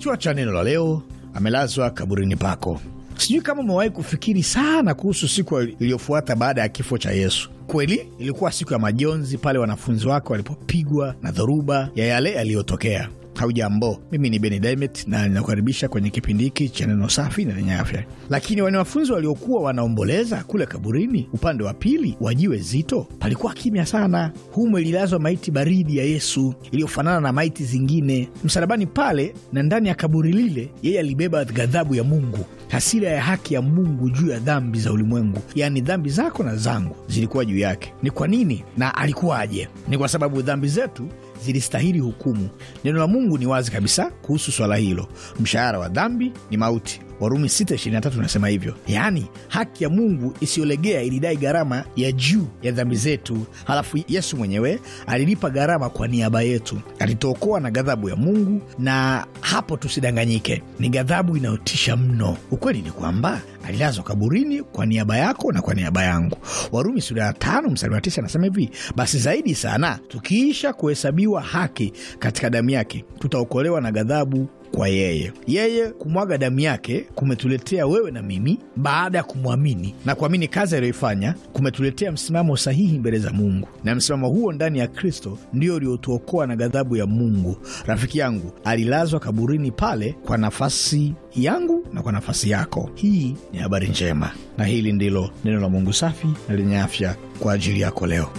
Kichwa cha neno la leo, amelazwa kaburini pako. Sijui kama umewahi kufikiri sana kuhusu siku iliyofuata baada ya kifo cha Yesu. Kweli ilikuwa siku ya majonzi, pale wanafunzi wake walipopigwa na dhoruba ya yale yaliyotokea. Haujambo, mimi ni Beni Dimet na ninakukaribisha kwenye kipindi hiki cha neno safi na lenye afya. Lakini wanafunzi waliokuwa wanaomboleza kule kaburini upande wa pili wa jiwe zito, palikuwa kimya sana. Humo ililazwa maiti baridi ya Yesu iliyofanana na maiti zingine msalabani pale, na ndani ya kaburi lile yeye alibeba ghadhabu ya Mungu, hasira ya haki ya Mungu juu ya dhambi za ulimwengu, yaani dhambi zako na zangu zilikuwa juu yake. Ni kwa nini na alikuwaje? Ni kwa sababu dhambi zetu zilistahili hukumu. Neno la Mungu ni wazi kabisa kuhusu swala hilo: mshahara wa dhambi ni mauti, Warumi 6:23 unasema hivyo, yaani haki ya Mungu isiyolegea ilidai gharama ya juu ya dhambi zetu, halafu Yesu mwenyewe alilipa gharama kwa niaba yetu, alituokoa na ghadhabu ya Mungu. Na hapo tusidanganyike, ni ghadhabu inayotisha mno. Ukweli ni kwamba alilazwa kaburini kwa niaba yako na kwa niaba yangu. Warumi sura ya tano mstari wa tisa anasema hivi, basi zaidi sana tukiisha kuhesabiwa haki katika damu yake, tutaokolewa na ghadhabu kwa yeye. Yeye kumwaga damu yake kumetuletea wewe na mimi, baada ya kumwamini na kuamini kazi aliyoifanya, kumetuletea msimamo sahihi mbele za Mungu, na msimamo huo ndani ya Kristo ndio uliotuokoa na ghadhabu ya Mungu. Rafiki yangu alilazwa kaburini pale kwa nafasi yangu na kwa nafasi yako. Hii ni habari njema, na hili ndilo neno la Mungu safi na lenye afya kwa ajili yako leo.